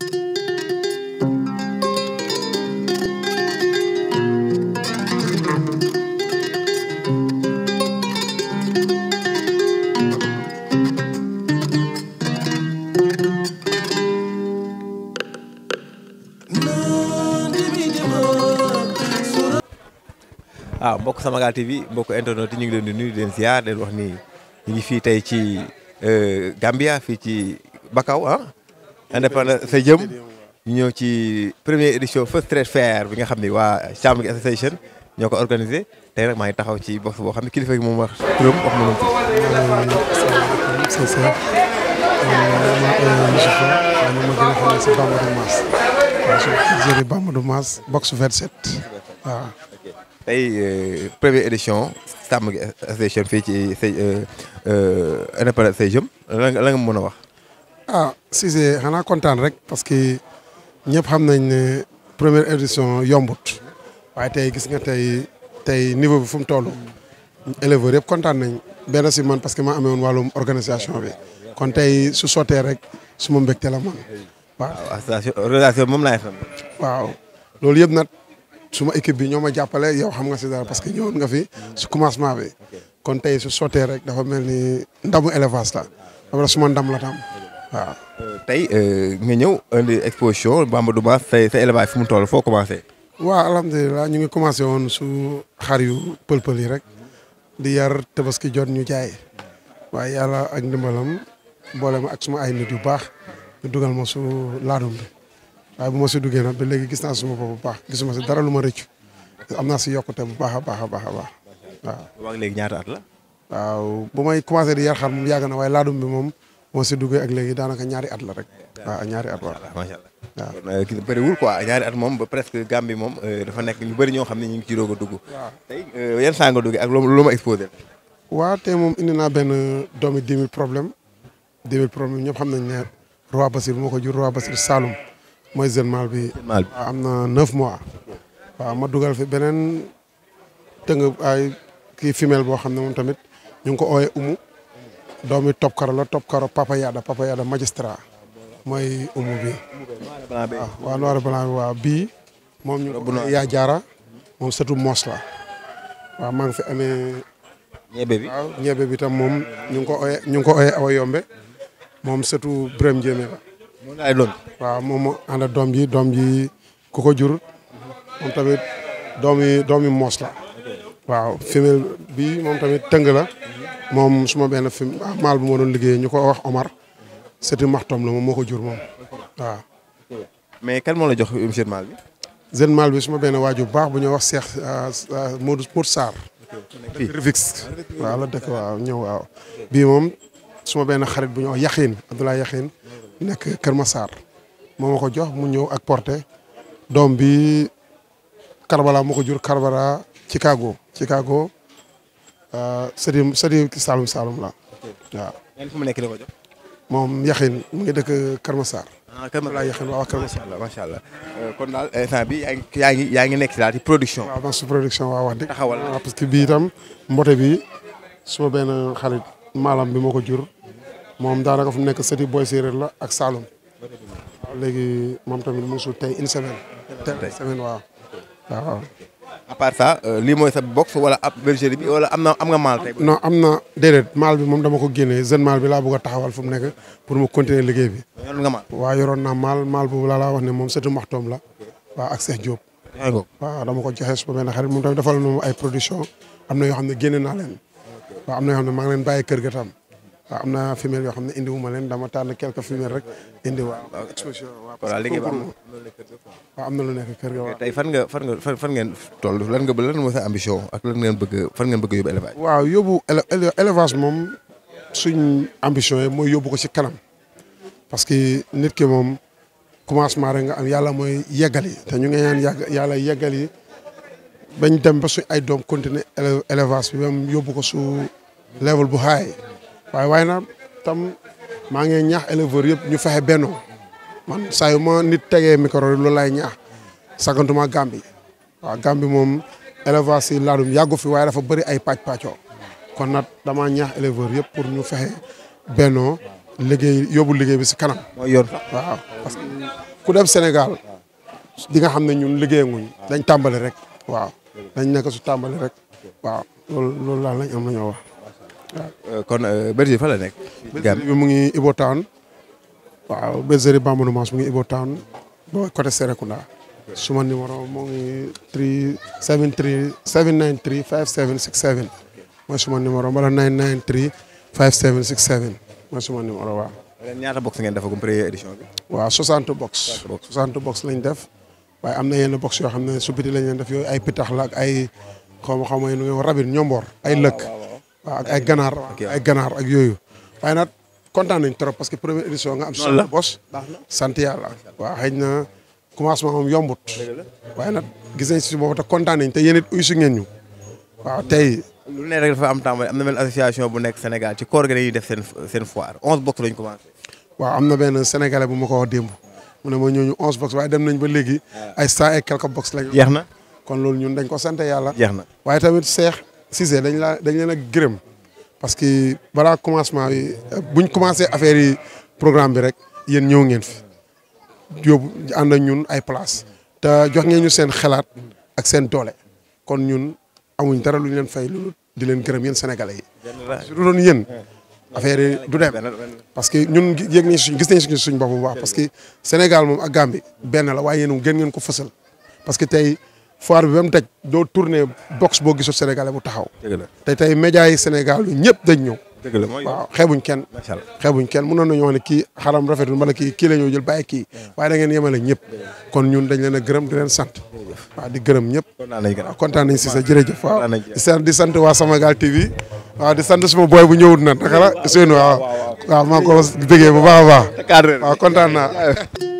waaw ah, mbokk Samagal TV mbokk internet yi ñu ngi leen di nuyu di leen ziar di leen wax ni Gambia fii ci Bakaw ah indépendance sa jëm ñëw ci première édition first trade fair bi nga xam ni waa chambre gi association ñoo ko organisé tey nag maa taxaw ci box boo xam ne kilifa gi moom wax turam wax ma noonu. Euh, c'est ça euh, Bamba du Mass box 27 euh, édition chambre gi association fii ci say indépendance say jëm la nga mën a wax. ah Cissé xanaa kontaan rek parce que ñëpp xam nañ ne première édition yombut waaye tey gis nga tey tey niveau bi fu mu toll éleveurs yëpp kontaan nañ benn si man parce que maa amee wun wàllum organisation bi kon tey su sottee rek su ma mbégte la man waaw ah, organisation moom laay xam waaw loolu yëpp nag suma équipe bi ñoo ma jàppale yow xam nga si dara parce que ñëwoon nga fi su commencement bi kon tey su sottee rek dafa mel ni ndamu élevage la dafa suma ndamu la tam waaw tey euh, nga ñëw indi exposition du Douba say sa élevage fu mu toll foo commencé. waaw alhamdulilah ñu ngi commencé woon su xar yu pël-pël yi rek di yar tabaski jot ñu jaay waaye yàlla ak ndimbalam boole ak suma ay nit yu baax ñu dugal ma su laadum bi waaye bu ma si duggee nag ba léegi gis naa suma bopp bu baax gisuma si dara lu ma rëccu am naa si yokkute bu baax a baax a baax a baax waaw. waaw léegi ñaata at la. waaw bu may commencé di yar xar moom yàgg na waaye laadum bi moom. boo si duggee ak léegi daanaka ñaari at la rek. waaw ñaari at waaw macha allah waaw euh, ñaari at moom ba presque Gambie moom euh, dafa nekk ñu bëri ñoo xam ne ñu ngi ci doog a dugg. waaw tey euh, ak loolu lu ma exposé. waaw tey moom indi naa benn doomi 10 problème 10 000 problème ñëpp xam nañ ne Roi Basir moo ko jur Roi Basir Saloum mooy jeune mâle bi. mâle bi am na 9 mois. waaw ma dugal fi beneen tëng ay kii femelle boo xam ne moom tamit ñu ngi ko ooyee umu. doomi Topkaro la Topkaro Papa Yada Papa Yada magistrat mooy umu bi waaw waaw noir bi waaw bii moom ñu yaa jaara moom sëtu maa ngi fi amee ñebe bi waaw tam moom ñu ngi ko oye ñu ngi ko oye awa yombe moom sëtu Birame Ndiémé la moom waaw moom mu doom ji doom ji ku ko jur moom tamit doomi doomi waaw femelle bi moom tamit tëng la moom suma benn fi maal bu ma doon liggéey ñu ko wax Omar sëti maxtom la moom moo ko jur moom waaw. mais kan moo la jox monsieur maal bi. jeune bi suma benn waajur bu baax bu ñuy wax Cheikh euh, euh, Modou Mour Sarr. dëkk Rufisque waaw la bii moom suma benn xarit bu ñëw wax Yaxin Abdoulaye Yaxin nekk Kër Massar moo ma ko jox mu ñëw ak porte doom bi Karbala moo ko jur Karbala Chicago Chicago. sëriñ sëriñ Saalum Saalum la fu mu nekk ko jox. moom Yaxin mu ngi dëkk Kër Masar. ah Kër Masar Yaxin waaw Kër Masar. macha allah euh, daal instant bi yaa yaa yaa ngi nekk daal production. waaw su production waaw wax dëgg. taxawal ah, parce que bii itam mbote bi suma benn xarit maalam bi moo ko jur moom daanaka fu mu nekk sëti booy séeréer la ak Saalum. waaw léegi moom tamit mosul tey une semaine. tey une semaine waaw. à part euh, lii mooy sa box wala wala am na am nga maal no am na déedéet maal bi moom dama ko génnee jeune maal bi laa bëgg a taxawal fu mu nekk pour mu continuer liggéey bi. yoroon nga maal waaw yoroon naa maal maal boobu laa laa wax ne moom sëtu maxtoom la waaw ak Cheikh Diop. waaw dama ko joxe su ma benn xarit moom tamit defal na ay production am na yoo xam ne génne naa leen. waaw am na yoo xam ne maa ngi leen bàyyi kër ga tam waaw am na femelle yoo xam ne indi wu leen dama tànn quelques femelles rek indi waaw. exposition waaw parce que liggéey bi am na. waaw am na lu nekk kër ga waaw. tey fan nga fan nga fan fan ngeen toll lan nga lan mooy sa ambition ak lan ngeen bëgg fan ngeen élevage. moom suñ ambition yi mooy yóbbu ko si kanam parce que nit ki moom commencement rek nga am yàlla mooy yeggal yi te ñu ngi ñaan yàlla yeggal yi bañ dem ba suñ ay doom continuer élevage bi même yóbbu ko su level bu high. waaye waaye na tam maa ngi ñaax éleveurs yëpp ñu fexe bennoo man saa yu ma nit tegee micro loolu laay ñaax sagantuma Gambie waaw Gambie moom élevage si laadum yàggu fi waaye dafa bari ay pàcc pàccoo kon nag dama ñaax éleveurs yëpp pour ñu fexe bennoo liggéey yobu liggéey bi si kanam. mooy yor waaw parce que ku dem Sénégal di nga xam ne ñun liggéeyanguñ dañ tàmbali rek waaw dañ nekk su tàmbali rek waaw loolu loolu daal lañ am la wax. Euh, kon euh, bergerie fa la nekk. bergerie mu ngi Ibo Town. waaw bergerie Bamba Numaas mu ngi Ibo Town bo côté Serekunda. suma numéro mu ngi 373 793 5767. mooy suma numéro wala 993 5767 mooy suma numéro waaw. ñaata box ngeen defagum première édition bi. waaw 60 box. 60 box lañ def. waaye am na yenn box yoo xam ne su lañ def yooyu ay pitax la ak ay xaw ma xaw ma nu rabin ñomboor ay lëkk. waa ak ay ganaar ay ganaar ak yooyu waaye nag kontaan nañ trop parce que première édition nga am si bos sant yàlla waaw xëy na commencement moom yombut waaye nag gis nañ si boobu te kontaan nañ te yéen it uy ngeen ñu waaw tey lu ne rek dafa am tàmbali am na benn association bu nekk Sénégal ci koor gi dañuy def seen seen foire onze box lañ commencé waaw am na benn sénégalais bu ma ko wax démb mu ne ma ñooñu onze box waaye dem nañ ba léegi ah. ay cent et quelques box na kon loolu ñun dañ ko sant yàlla jeex na waaye tamit seex Cissé dañ laa dañ leen a gërëm parce que balaa commencement bi buñ commencé affaire yi programme bi rek yéen ñëw ngeen fi yóbbu ànd ak ñun ay place te jox ngeen ñu seen xalaat ak seen doole kon ñun amuñ dara lu ñu leen fay lu di leen gërëm yéen sénégalais yi. su doon yéen affaire yi du dem parce que ñun yéeg nañ suñ gis nañ suñ suñ bopp bu baax parce que Sénégal moom ak Gambie benn la waaye yéen gën ngeen ko fësal parce que tey. foire bi ba mu daj doo tourné box boo gisul sénégalais bu taxaw. te tey média yi Sénégal yu ñëpp dañ ñëw. dëgg la mooy waaw xeebuñ kenn. macha allah xeebuñ kenn mënoon nañoo wax ne kii xaram rafetul wala kii kii la ñoo jël bàyyi kii waaye da ngeen yemale ñëpp. kon ñun dañ leen gërëm di leen sant. waaw di gërëm ñëpp. kontaan nañ si a jërëjëf waaw di sant waa Samagal TV. waaw di sant suma booy bu ñëwut na naka la Ousseynou waaw. waaw maa ngi ko bëggee bu baax a baax. waaw kontaan naa.